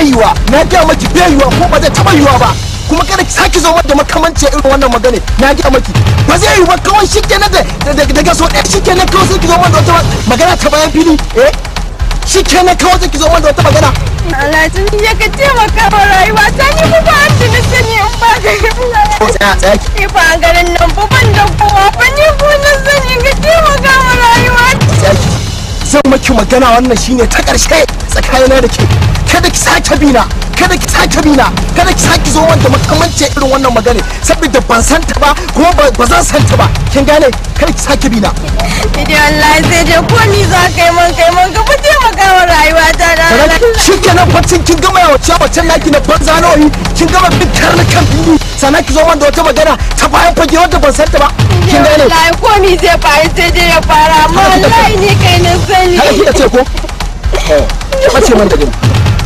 baiwa na ga maki baiwa ko ba zai taba yiwa ba kuma kada ki saki zo da makamanci irin wannan magana na ga maki ba zai yi ba kawai shi ke nan daga so ɗaya shi ke kawai sai ki zo da wata magana ta bayan fili eh shi ke kawai sai ki zo da wata magana. Alhaji ya ka taimaka wa rayuwa ta ni kuma ba da na sani in ba da ya fi ki ba garin nan ba ban da kowa ba ni ku na sani ka taimaka wa rayuwa. Zan maki magana wannan shine ta ƙarshe tsakanina da ke. kada ki sake bina kada ki sake bina kada ki sake zo wanda makamance irin wannan magana saboda ban san ta ba kuma ba zan san ta ba kin gane kada ki sake bina idan Allah sai je ko ni za ka yi man kai man ka fi taimaka wa rayuwa ta da shi kenan fatin kin gama yawa cewa can naki na ban zanoyi kin gama bin karnukan biyu sannan ki zo wanda wata magana ta bayan fage wanda ban san ta ba kin gane wallahi ko ni zai fara sai je ya fara amma wallahi ni kai na sani kada ki ce ko eh ce man da gani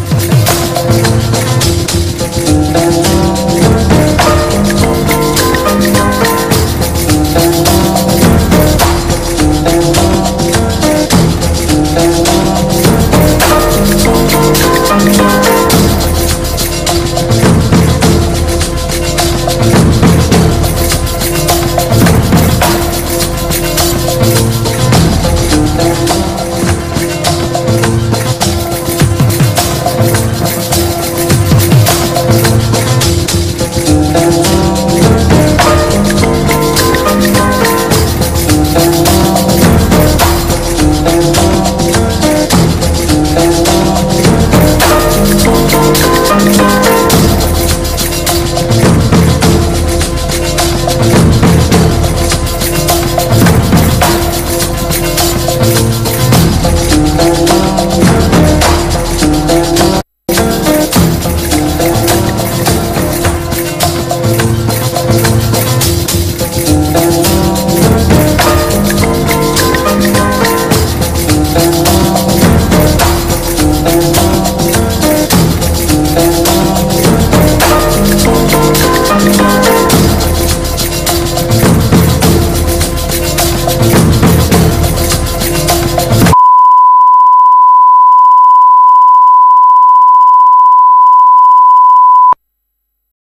Thank you.